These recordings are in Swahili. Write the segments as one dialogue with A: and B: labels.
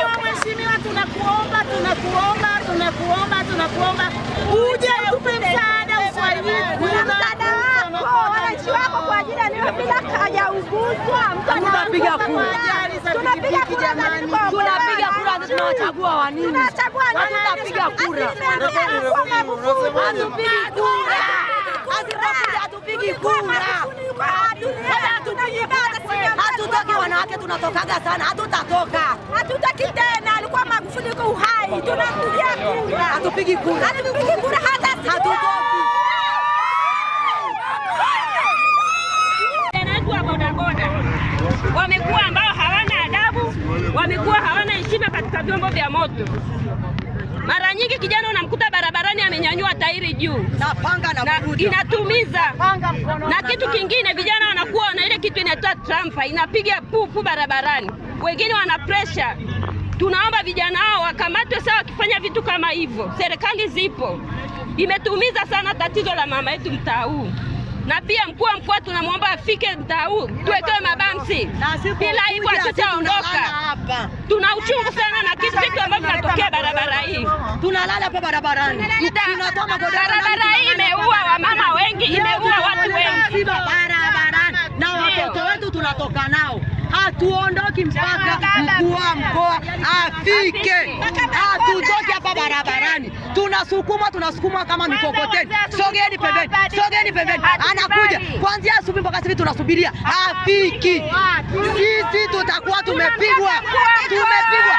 A: Mheshimiwa, mheshimiwa, tunakuomba tunakuomba tunakuomba tunakuomba uje utupe msaada wako
B: kwa ajili ya bila hajauguzwa
C: tunapiga kura
B: tunapiga kura tunapiga
C: wa nini? Tunapiga kura hatupigi kura tunatokaga sana, hatutatoka
B: hatutaki tena. Alikuwa Magufuli yuko uhai, tunampigia kura,
C: hatupigi kura,
B: hatupigi kura hata
C: hatutoki.
D: Wamekuwa ambao hawana adabu, wamekuwa hawana heshima katika vyombo vya moto. Mara nyingi kijana unamkuta barabarani amenyanyua tairi juu
C: na panga na,
D: inatumiza na kitu kingine vijana kitu inaitwa trampa inapiga pupu barabarani, wengine wana presha. Tunaomba vijana hao wakamatwe sawa, wakifanya vitu kama hivyo. Serikali zipo imetuumiza sana tatizo la mama yetu mtaa huu, na pia mkuu wa mkoa tunamwomba afike mtaa huu tuwekewe mabamsi, bila hivyo hatutaondoka. Tuna uchungu sana na kitu kitu ambacho vinatokea barabara hii,
C: tunalala hapa barabarani.
D: Barabara hii imeua wamama wengi, imeua
C: tunatoka nao, hatuondoki mpaka mkuu wa mkoa afike. Hatutoki hapa barabarani, tunasukumwa tunasukumwa kama mikokoteni. Sogeni pembeni, sogeni pembeni, anakuja kuanzia asubuhi mpaka sisi tunasubiria, afiki. Sisi tutakuwa tumepigwa, tumepigwa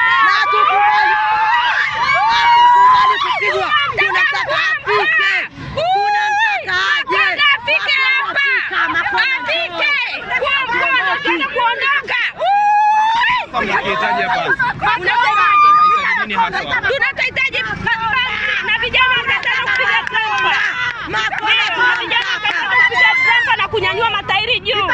D: mnahitaji hapa? Tunahitaji na vijana mtataka kupiga trampa. Vijana mtataka kupiga trampa na kunyanyua matairi juu.